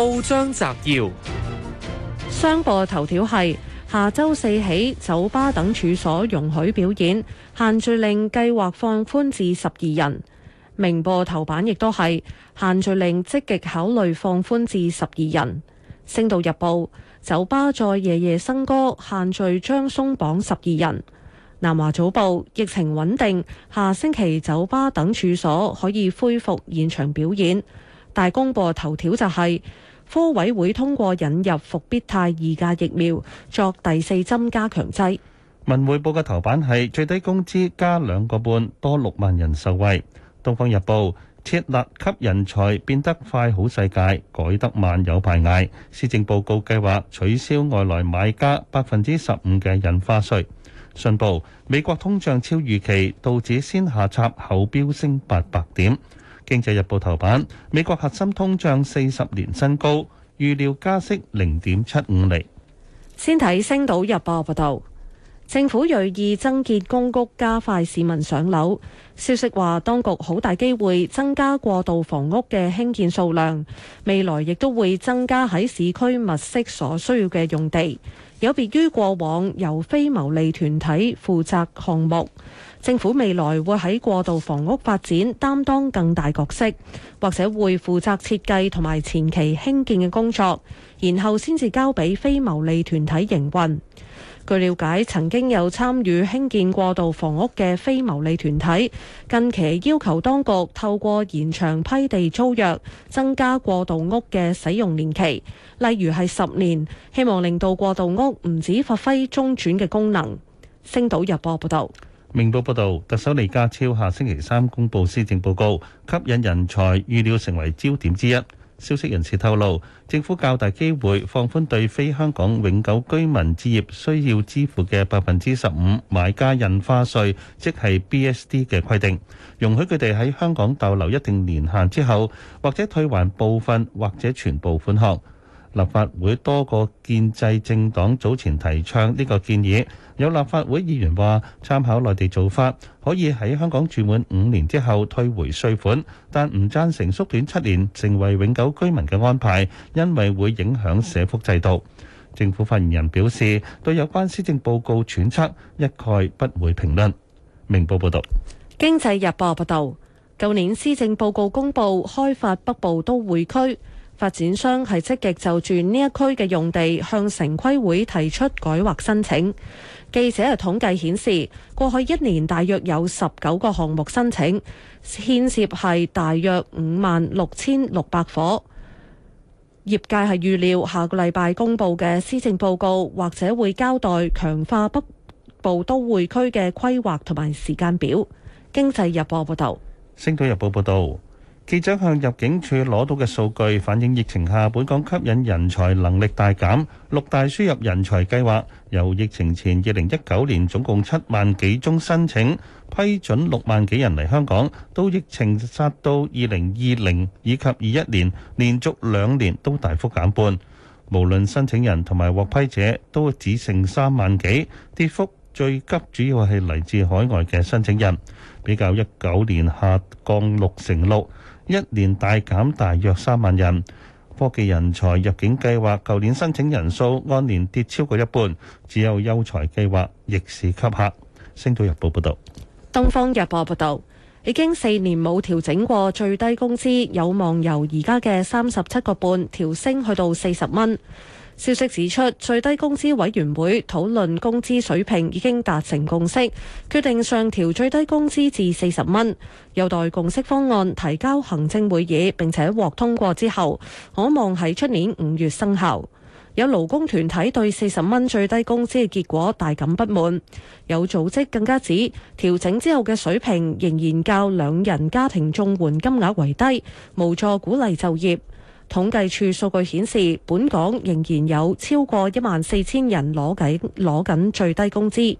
報章摘要：商報頭條係下周四起，酒吧等處所容許表演限聚令計劃放寬至十二人。明報頭版亦都係限聚令積極考慮放寬至十二人。星島日報：酒吧再夜夜笙歌，限聚將鬆綁十二人。南華早報：疫情穩定，下星期酒吧等處所可以恢復現場表演。大公報頭條就係、是。科委會通過引入復必泰二價疫苗作第四針加強劑。文匯報嘅頭版係最低工資加兩個半，多六萬人受惠。《東方日報》設立給人才變得快好世界改得慢有排捱。」施政報告計劃取消外來買家百分之十五嘅印花稅。信報美國通脹超預期，道指先下插後飆升八百點。《經濟日報》頭版，美國核心通脹四十年新高，預料加息零點七五厘。先睇《星島日報》報道，政府鋭意增建公屋，加快市民上樓。消息話，當局好大機會增加過渡房屋嘅興建數量，未來亦都會增加喺市區物色所需要嘅用地。有別於過往由非牟利團體負責項目。政府未來會喺過渡房屋發展擔當更大角色，或者會負責設計同埋前期興建嘅工作，然後先至交俾非牟利團體營運。據了解，曾經有參與興建過渡房屋嘅非牟利團體近期要求當局透過延長批地租約，增加過渡屋嘅使用年期，例如係十年，希望令到過渡屋唔止發揮中轉嘅功能。星島日報報道。明報報道，特首李家超下星期三公布施政報告，吸引人才預料成為焦點之一。消息人士透露，政府較大機會放寬對非香港永久居民置業需要支付嘅百分之十五買家印花稅，即係 BSD 嘅規定，容許佢哋喺香港逗留一定年限之後，或者退還部分或者全部款項。立法會多個建制政黨早前提倡呢個建議，有立法會議員話參考內地做法，可以喺香港住滿五年之後退回稅款，但唔贊成縮短七年成為永久居民嘅安排，因為會影響社福制度。政府發言人表示對有關施政報告揣測一概不會評論。明報報導，經濟日報報導，舊年施政報告公布開發北部都會區。發展商係積極就住呢一區嘅用地向城規會提出改劃申請。記者嘅統計顯示，過去一年大約有十九個項目申請，牽涉係大約五萬六千六百伙。業界係預料下個禮拜公布嘅施政報告，或者會交代強化北部都會區嘅規劃同埋時間表。經濟日報報道，星島日報報道。記者向入境處攞到嘅數據反映，疫情下本港吸引人才能力大減。六大輸入人才計劃由疫情前二零一九年總共七萬幾宗申請，批准六萬幾人嚟香港，都疫情殺到二零二零以及二一年，連續兩年都大幅減半。無論申請人同埋獲批者都只剩三萬幾，跌幅最急，主要係嚟自海外嘅申請人，比較一九年下降六成六。一年大減大約三萬人，科技人才入境計劃舊年申請人數按年跌超過一半，只有優才計劃逆市吸客。星島日報報道。東方日報報道，已經四年冇調整過最低工資，有望由而家嘅三十七個半調升去到四十蚊。消息指出，最低工資委員會討論工資水平已經達成共識，決定上調最低工資至四十蚊，有待共識方案提交行政會議並且獲通過之後，可望喺出年五月生效。有勞工團體對四十蚊最低工資嘅結果大感不滿，有組織更加指調整之後嘅水平仍然較兩人家庭綜援金額為低，無助鼓勵就業。統計處數據顯示，本港仍然有超過一萬四千人攞緊攞緊最低工資。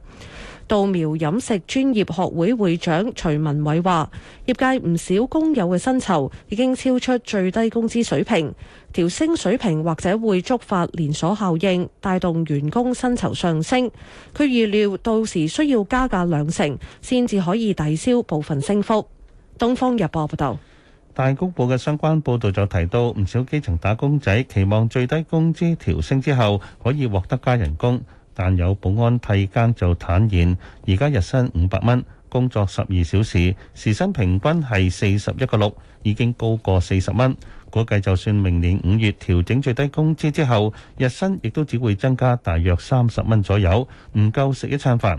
稻苗飲食專業學會會長徐文偉話，業界唔少工友嘅薪酬已經超出最低工資水平，調升水平或者會觸發連鎖效應，帶動員工薪酬上升。佢預料到時需要加價兩成，先至可以抵消部分升幅。東方日報報道。大公報嘅相關報導就提到，唔少基層打工仔期望最低工資調升之後可以獲得加人工，但有保安替更就坦言，而家日薪五百蚊，工作十二小時，時薪平均係四十一個六，已經高過四十蚊。估計就算明年五月調整最低工資之後，日薪亦都只會增加大約三十蚊左右，唔夠食一餐飯。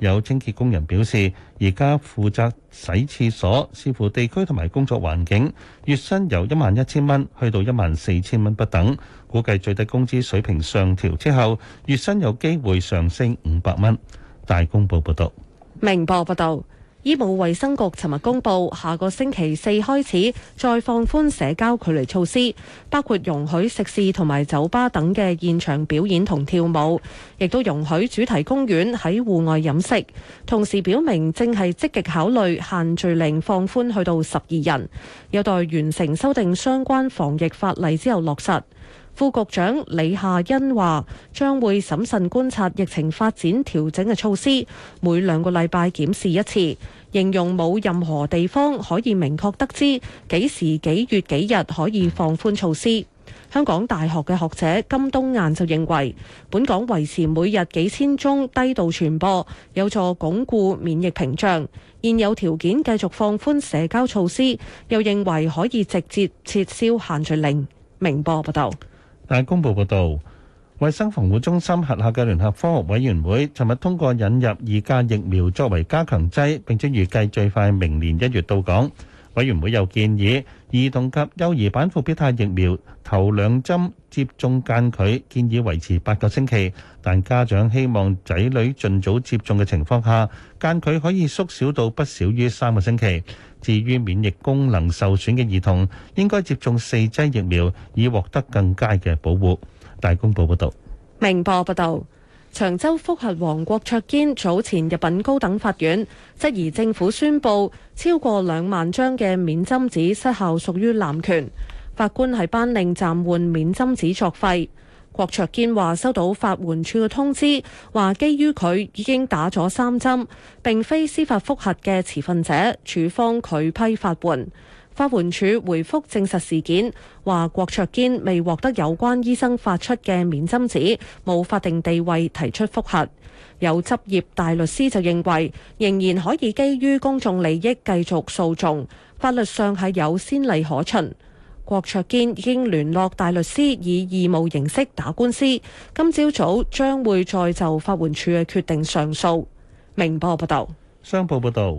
有清潔工人表示，而家負責洗廁所，視乎地區同埋工作環境，月薪由一萬一千蚊去到一萬四千蚊不等。估計最低工資水平上調之後，月薪有機會上升五百蚊。大公報報道。明報報道。醫務衛生局尋日公布，下個星期四開始再放寬社交距離措施，包括容許食肆同埋酒吧等嘅現場表演同跳舞，亦都容許主題公園喺戶外飲食。同時表明正係積極考慮限聚令放寬去到十二人，有待完成修訂相關防疫法例之後落實。副局長李夏茵話：將會審慎觀察疫情發展，調整嘅措施每兩個禮拜檢視一次。形容冇任何地方可以明確得知幾時幾月幾日可以放寬措施。香港大學嘅學者金冬雁就認為，本港維持每日幾千宗低度傳播，有助鞏固免疫屏障，現有條件繼續放寬社交措施，又認為可以直接撤銷限聚令。明波報道。《大公報》報道，衞生防護中心轄下嘅聯合科學委員會，尋日通過引入二價疫苗作為加強劑，並且預計最快明年一月到港。委員會又建議，兒童及幼兒版復必泰疫苗頭兩針接種間距建議維持八個星期，但家長希望仔女儘早接種嘅情況下，間距可以縮小到不少於三個星期。至於免疫功能受損嘅兒童，應該接種四劑疫苗，以獲得更佳嘅保護。大公報報道。明報報道，長洲復核王郭卓堅早前入稟高等法院，質疑政府宣布超過兩萬張嘅免針紙失效屬於濫權。法官係頒令暫緩免針紙作廢。郭卓堅話收到法援處嘅通知，話基於佢已經打咗三針，並非司法復核嘅持份者，處方拒批法援。法援處回覆證實事件，話郭卓堅未獲得有關醫生發出嘅免針紙，冇法定地位提出覆核。有執業大律師就認為，仍然可以基於公眾利益繼續訴訟，法律上係有先例可循。郭卓堅已經聯絡大律師以義務形式打官司，今朝早將會再就法援處嘅決定上訴。明報報道。商報報道。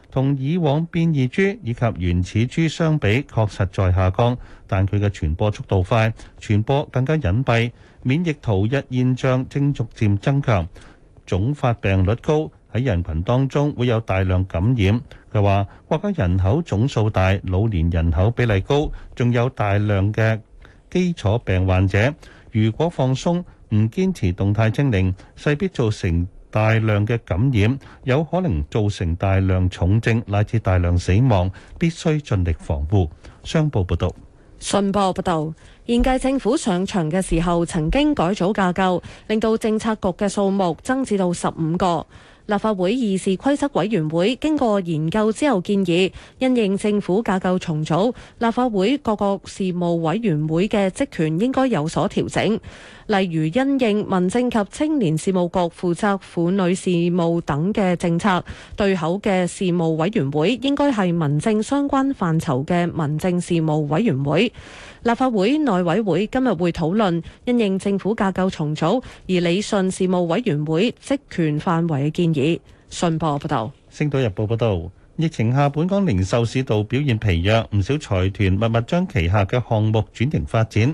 同以往變異株以及原始株相比，確實在下降，但佢嘅傳播速度快，傳播更加隱蔽，免疫逃逸現象正逐漸增強，總發病率高，喺人群當中會有大量感染。佢話：國家人口總數大，老年人口比例高，仲有大量嘅基礎病患者，如果放鬆，唔堅持動態清零，勢必造成大量嘅感染有可能造成大量重症乃至大量死亡，必須盡力防護。商報報道，信報報道，現屆政府上場嘅時候曾經改組架構，令到政策局嘅數目增至到十五個。立法會議事規則委員會經過研究之後建議，因應政府架構重組，立法會各個事務委員會嘅職權應該有所調整。例如因應民政及青年事務局負責婦女事務等嘅政策對口嘅事務委員會，應該係民政相關範疇嘅民政事務委員會。立法會內委會今日會討論因應政府架構重組而理順事務委員會職權範圍嘅建議。信報報道。《星島日報》報道，疫情下本港零售市道表現疲弱，唔少財團默默將旗下嘅項目轉型發展。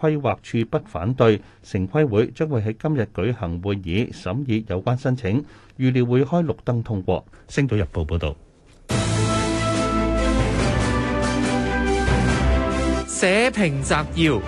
規劃處不反對，城規會將會喺今日舉行會議審議有關申請，預料會開綠燈通過。星島日報報道，社評摘要：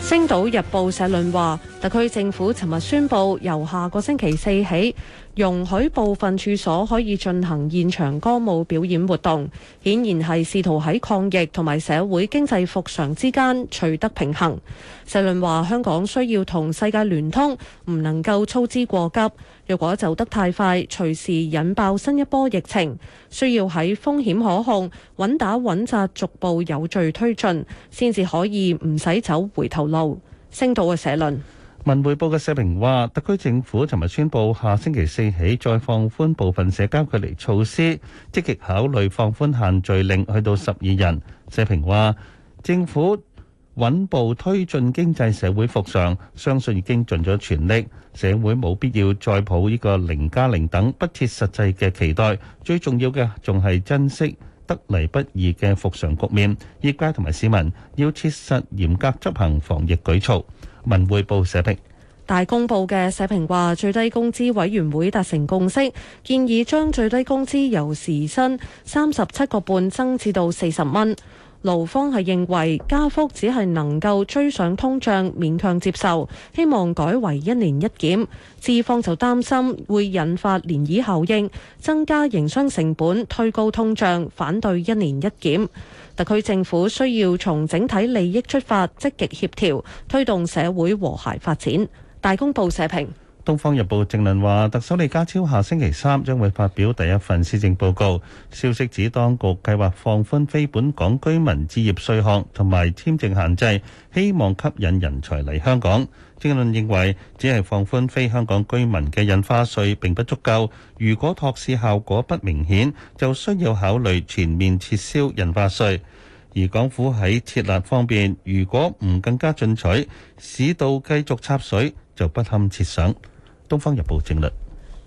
星島日報社論話，特區政府尋日宣布，由下個星期四起，容許部分處所可以進行現場歌舞表演活動，顯然係試圖喺抗疫同埋社會經濟復常之間取得平衡。社論話香港需要同世界聯通，唔能夠操之過急。若果走得太快，隨時引爆新一波疫情，需要喺風險可控、穩打穩紮、逐步有序推進，先至可以唔使走回頭路。星島嘅社論。文匯報嘅社評話，特區政府尋日宣布下星期四起再放寬部分社交距離措施，積極考慮放寬限聚令去到十二人。社評話，政府穩步推進經濟社會復常，相信已經盡咗全力，社會冇必要再抱呢個零加零等不切實際嘅期待。最重要嘅仲係珍惜得嚟不易嘅復常局面，業界同埋市民要切實嚴格執行防疫舉措。文匯報社評，大公報嘅社評話，最低工資委員會達成共識，建議將最低工資由時薪三十七個半增至到四十蚊。勞方係認為加幅只係能夠追上通脹，勉強接受，希望改為一年一檢。資方就擔心會引發漣漪效應，增加營商成本，推高通脹，反對一年一檢。特區政府需要從整體利益出發，積極協調，推動社會和諧發展。大公報社評，《東方日報》正論話，特首李家超下星期三將會發表第一份施政報告。消息指，當局計劃放寬非本港居民置業稅項同埋簽證限制，希望吸引人才嚟香港。政論認為，只係放寬非香港居民嘅印花稅並不足夠。如果托市效果不明顯，就需要考慮全面撤銷印花稅。而港府喺設立方面，如果唔更加進取，使到繼續插水就不堪設想。《東方日報》政論。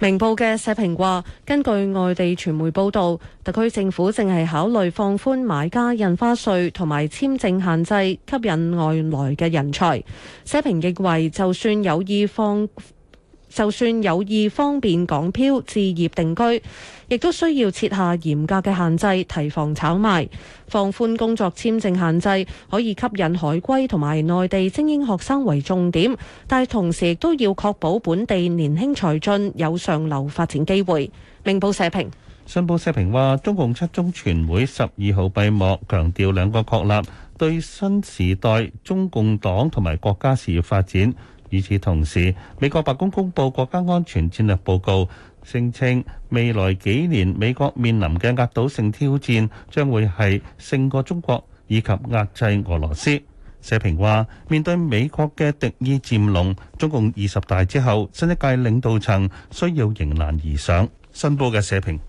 明報嘅社評話：根據外地傳媒報道，特區政府正係考慮放寬買家印花稅同埋簽證限制，吸引外來嘅人才。社評認為，就算有意放就算有意方便港漂置業定居，亦都需要設下嚴格嘅限制，提防炒賣。放寬工作簽證限制，可以吸引海歸同埋內地精英學生為重點，但係同時亦都要確保本地年輕才俊有上流發展機會。明報社評，信報社評話中共七中全會十二號閉幕，強調兩個確立，對新時代中共黨同埋國家事業發展。與此同時，美國白宮公布國家安全戰略報告，聲稱未來幾年美國面臨嘅壓倒性挑戰將會係勝過中國以及壓制俄羅斯。社評話：面對美國嘅敵意漸濃，中共二十大之後新一屆領導層需要迎難而上。新報嘅社評。